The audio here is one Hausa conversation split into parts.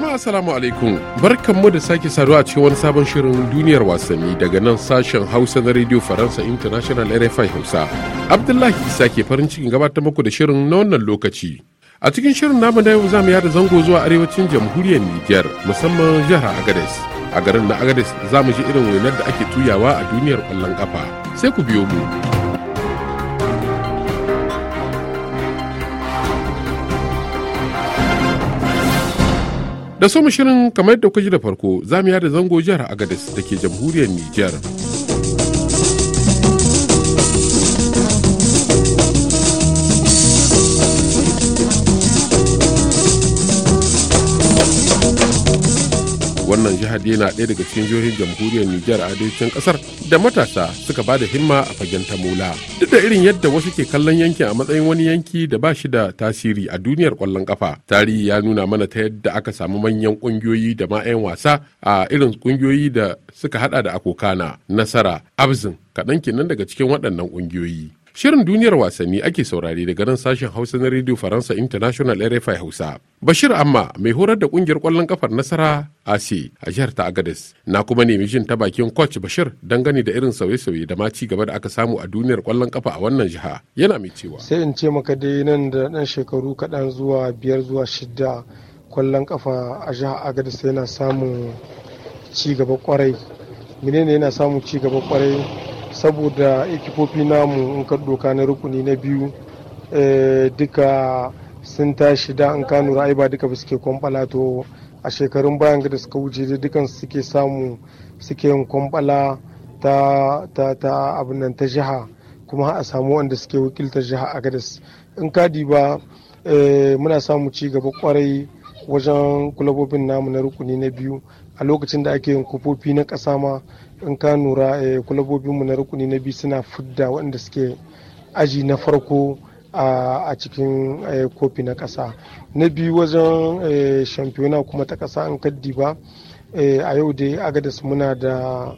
Jama'a Assalamu alaikum barkanmu da sake saduwa cikin wani sabon shirin duniyar wasanni daga nan sashen Hausa na Radio Faransa International RFI Hausa. Abdullahi Isa ke farin cikin gabatar muku da shirin na wannan lokaci. A cikin shirin namu na yau za mu yada zango zuwa arewacin jamhuriyar Nijar musamman jihar Agades. A garin na Agades za mu ji irin wainar da ake tuyawa a duniyar kwallon kafa. Sai ku biyo mu. da su mu shirin kamar yadda kuka ji da farko zamu yada zango jihar agadis da ke jamhuriyar nijar wannan jihar dai na ɗaya daga cikin jihohin jamhuriyar nijar a daidaitin ƙasar da matasa suka ba da himma a fagen ta mola duk da irin yadda wasu ke kallon yankin a matsayin wani yanki da ba shi da tasiri a duniyar ƙwallon ƙafa tarihi ya nuna mana ta yadda aka samu manyan ƙungiyoyi da ma 'yan wasa a irin ƙungiyoyi da suka hada da akokana nasara abzin kaɗan kenan daga cikin waɗannan ƙungiyoyi Shirin duniyar wasanni ake saurari da nan sashen Hausa na Radio Faransa International RFI Hausa. Bashir Amma mai horar da kungiyar kwallon kafar Nasara Asi a jihar ta Agadez. Na kuma nemi jin ta bakin coach Bashir dangane da irin sauye-sauye da ma ci gaba da aka samu a duniyar kwallon kafa a wannan jiha. Yana mai cewa. Sai in ce maka dai nan da dan shekaru kaɗan zuwa biyar zuwa shida kwallon kafa a jihar Agadez yana samun ci gaba kwarai. Menene yana samun ci gaba kwarai saboda ekifofi namu in ka doka na rukuni na biyu eh, duka sun tashi da an kanu ra'ayi ba duka ba suke kwamfala to a shekarun bayan da suka wuce dukan suke samu suke yin kwamfala ta ta ta ta jiha kuma a samu wanda suke wakiltar jiha a gadas in kadi ba eh, muna samu ci gaba kwarai wajen kulabobin namu na rukuni na biyu a lokacin da ake yin kufofi na ƙasa ma in ka nura eh, kulabobinmu na rukuni na biyu suna fudda waɗanda suke aji na farko a cikin eh, kofi na ƙasa na biyu wajen eh, shampiyona kuma ta ƙasa an kaddi ba a yau dai agadas muna da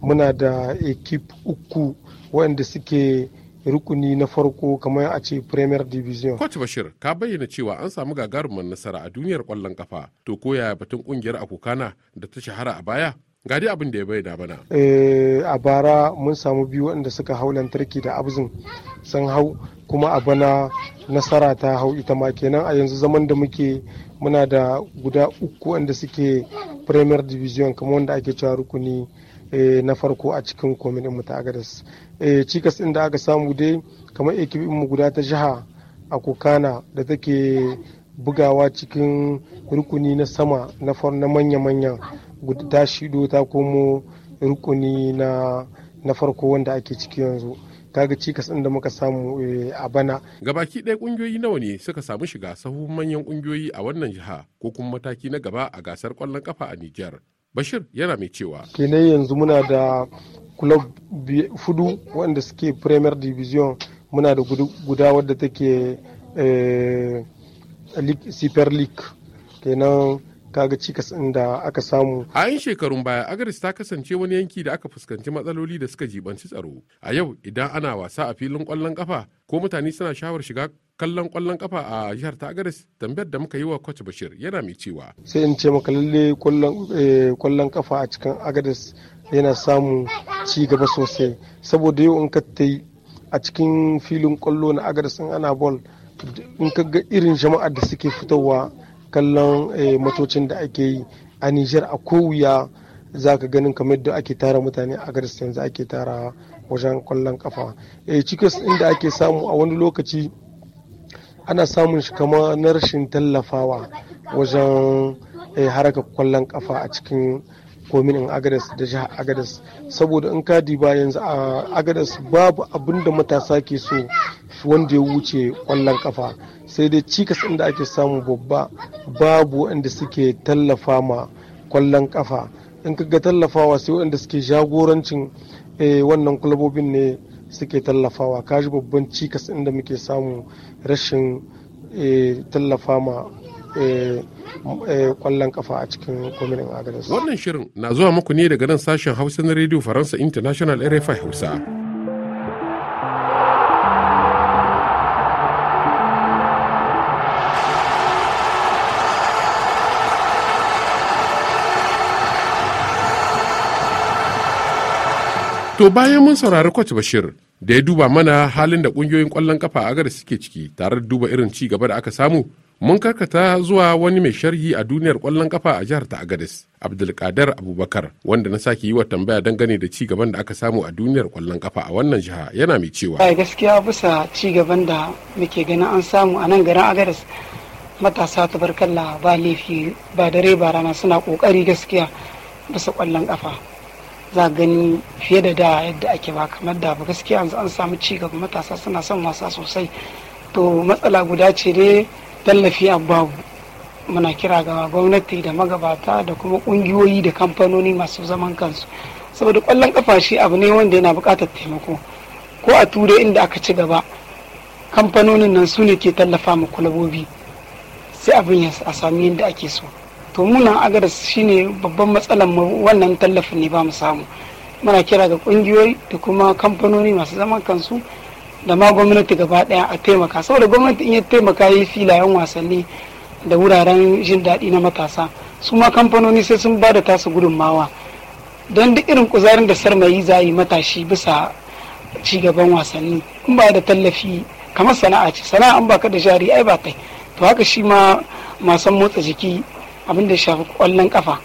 muna da ekip uku waɗanda suke rukuni na farko kamar a ce premier division. Coach Bashir ka bayyana cewa an samu gagarumar nasara a duniyar kwallon kafa to koya batun kungiyar akokana da ta shahara a baya? ga abin da ya bayyana bana. Eh, a bara mun samu biyu waɗanda suka hau lantarki da abzin sun hau kuma a bana nasara ta hau ita ma kenan a yanzu zaman da muke muna da guda uku wanda suke premier division kamar wanda ake cewa rukuni eh, na farko a cikin komin mu ta agadas eh, cikas ɗin da aka samu dai kamar ekibin mu guda ta jiha a kokana da take bugawa cikin rukuni na sama na manya manya ta shido ta komo rukuni na farko wanda ake ciki yanzu kaga cikas ɗin da muka samu eh, a bana. Gabaki ɗaya ƙungiyoyi nawa ne suka samu shiga sahu manyan ƙungiyoyi a wannan jiha ko kuma mataki na gaba a gasar ƙwallon kafa a Nijar. Bashir yana mai cewa. kenan yanzu muna da club fudu wanda suke Premier Division muna da guda wadda take eh, Super League kenan kaga cikas ɗin da aka samu. A 'yan shekarun baya Agaris ta kasance wani yanki da aka fuskanci matsaloli da suka jibanci tsaro. A yau idan ana wasa a filin kwallon kafa ko mutane suna shawar shiga kallon kwallon kafa a jihar ta agaris tambayar da muka yi wa coach bashir yana mai cewa sai in ce maka lalle kwallon kafa eh, a cikin agaris yana samun ci gaba sosai saboda yau in ka ta yi a cikin filin kwallo na agaris in ana bol in ka ga irin jama'a da suke fitowa kallon eh, motocin da ake yi a nijar a kowuya za ka ganin kamar da ake tara mutane a garis yanzu ake tara wajen kwallon kafa eh, cikas inda ake samu a wani lokaci ana samun shi kama na rashin tallafawa wajen eh, haraka kwallon kafa a cikin komin in agadas da jihar agadas saboda in ka diba yanzu a agadas babu abin da matasa ke so wanda ya wuce kwallon kafa sai dai cikas inda ake samu babba babu wanda suke tallafa ma kwallon kafa in ka ga tallafawa sai waɗanda suke jagorancin eh, wannan kulabobin ne suke tallafawa kaji babban cikas inda muke samu rashin eh, tallafa ma Eh, eh, kwallon kafa a cikin kwamitin agadis. Wannan shirin na zuwa muku ne daga nan sashen Hausa na Radio Faransa International RFI Hausa. To bayan mun saurari Kwaci Bashir, da ya duba mana halin da kungiyoyin kwallon kafa a agar suke ciki tare da duba irin ci gaba da aka samu mun karkata zuwa wani mai sharhi a duniyar kwallon kafa a jihar ta agadis abdulkadar abubakar wanda na sake yi wa tambaya dangane da ci gaban da aka samu a duniyar kwallon kafa a wannan jiha yana mai cewa ai gaskiya bisa ci gaban da muke ganin an samu a nan garin agadis matasa tabarkalla ba laifi ba dare ba rana suna kokari gaskiya bisa kwallon kafa za gani fiye da da yadda ake ba kamar da ba gaskiya yanzu an samu ci gaba matasa suna son wasa sosai to matsala guda ce dai tallafi a babu muna kira ga gwamnati da magabata da kuma kungiyoyi da kamfanoni masu zaman kansu saboda kwallon kafa shi abu ne wanda yana buƙatar taimako ko a turai inda aka ci gaba kamfanonin nan su ne ke tallafa mu kulabobi sai abin ya a sami yadda ake so to munan shi ne babban matsalar mu wannan tallafin ne ba mu samu muna kira ga kungiyoyi da kuma kamfanoni masu zaman kansu da ma gwamnati gaba daya a taimaka saboda gwamnati in ya taimaka yi filayen wasanni da wuraren jin daɗi na matasa su ma kamfanoni sai sun ba da tasu gudunmawa don duk irin kuzarin da sarmayi za yi matashi bisa ci gaban wasanni in ba da tallafi kamar sana'a ce sana'a an baka da jari ai ba kai to haka shi ma masan motsa jiki abin da shafi kwallon kafa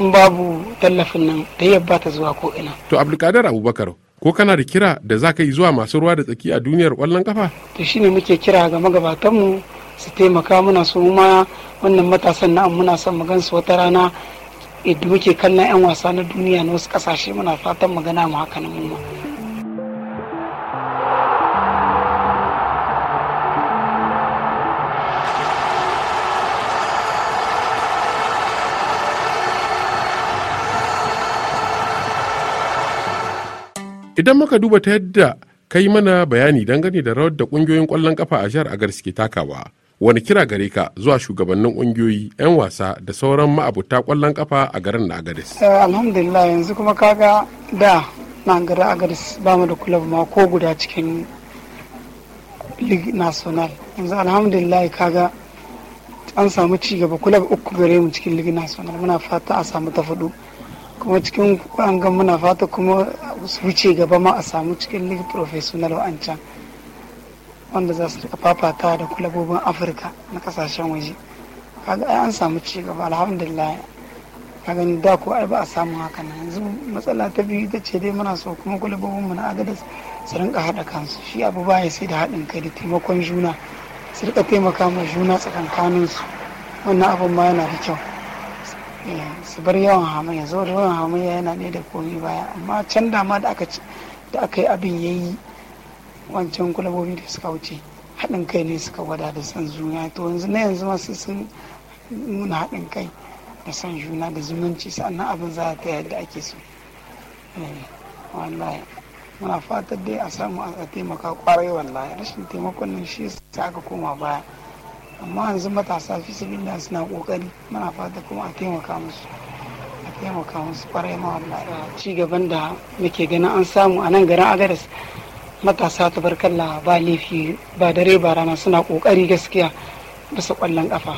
in babu tallafin nan ta yabba ta zuwa ko ina to abdulkadir abubakar ko kana da kira da za ka yi zuwa masu ruwa da tsaki a duniyar kwallon kafa to shine muke kira ga magabatanmu su taimaka muna so ma wannan matasan na muna son mu gansu wata rana idan muke kallon 'yan wasa na duniya na wasu kasashe muna fatan magana mu haka nan mu Idan muka duba ta yadda ka yi mana bayani dangane da rawar da kungiyoyin ƙwallon kafa a jihar Agar suke takawa, wani kira gare ka zuwa shugabannin kungiyoyi 'yan wasa da sauran ma'abuta kwallon kafa a garin na Agadis. Eh, alhamdulillah yanzu kuma kaga da na garin Agadis ba mu da kulab ma ko guda cikin League National. Yanzu alhamdulillah kaga an samu ci gaba kulab uku gare mu cikin League National muna fata a samu ta faɗo. kuma cikin an muna fata kuma wuce gaba ma a samu cikin league professional wa'ancan wanda za su rika fafata da kulabobin afirka na kasashen waje kaga an samu ci gaba alhamdulillah ka gani da ko ai ba a samu haka nan yanzu matsala ta biyu ita ce dai muna so kuma kulabobin mu na agada su rinka haɗa kansu shi abu baya sai da haɗin kai da taimakon juna su rika taimaka ma juna tsakankanin su wannan abun ma yana da kyau su bar yawan hamayya zo da yawan hamayya yana ne da komi baya amma can dama da aka yi abin ya yi wancan kulabobi da suka wuce haɗin kai ne suka gwada da san juna to yanzu na yanzu masu sun nuna haɗin kai da san juna da zumunci sannan abin za ta yadda ake so eh, wallahi muna fatar dai a samu a taimaka kwarai wallahi rashin taimakon nan shi sa aka koma baya amma yanzu matasa fi bin suna kokari muna fata kuma a taimaka musu a taimaka musu kwarai ma wallahi ci gaban da muke ganin an samu a nan garin agaras matasa tabarkalla ba laifi ba dare ba rana suna kokari gaskiya bisa kwallon kafa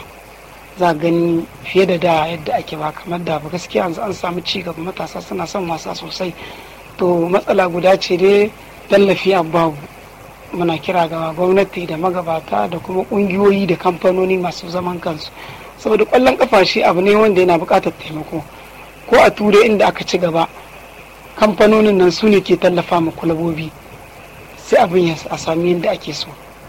za gani fiye da da yadda ake ba kamar da ba gaskiya yanzu an samu ci gaba matasa suna son wasa sosai to matsala guda ce dai tallafi babu muna kira ga gwamnati da magabata da kuma ƙungiyoyi da kamfanoni masu zaman kansu saboda ƙwallon kafa shi abu ne wanda yana buƙatar taimako ko a turai inda aka ci gaba kamfanonin nan su ne ke tallafa ma kulabobi sai abin ya a sami yadda ake so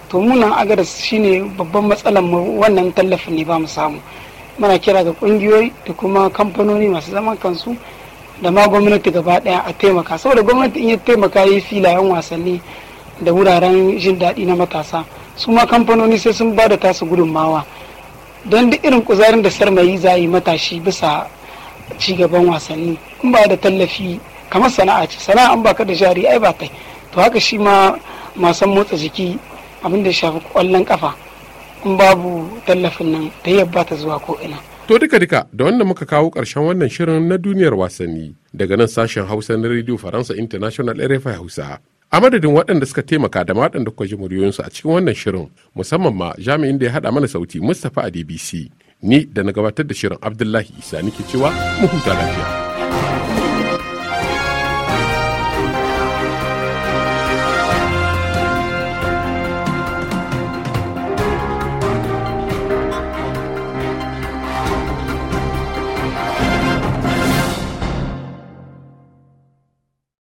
to munan shi ne babban matsalar mu wannan tallafin ne ba mu samu muna kira ga kungiyoyi da kuma kamfanoni masu zaman kansu da ma gwamnati gaba daya a taimaka saboda gwamnati in ya taimaka yi filayen wasanni da wuraren jin daɗi na matasa su ma kamfanoni sai sun ba da tasu gudunmawa don duk irin kuzarin da sarmayi za yi matashi bisa cigaban wasanni in ba da tallafi kamar sana'a ce sana'a an baka da jari ai ba kai to haka shi ma masan motsa jiki abin da shafi kwallon kafa in babu tallafin nan ta yabba ta zuwa ko ina To duka duka da wannan muka kawo karshen wannan shirin na duniyar wasanni daga nan sashen Hausa na rediyo Faransa International RFI Hausa. a madadin waɗanda suka taimaka da waɗanda kuka ji muryoyinsu a cikin wannan shirin musamman ma jami'in da ya haɗa mana sauti mustapha a dbc ni da na gabatar da shirin abdullahi isa nike cewa mu huta lafiya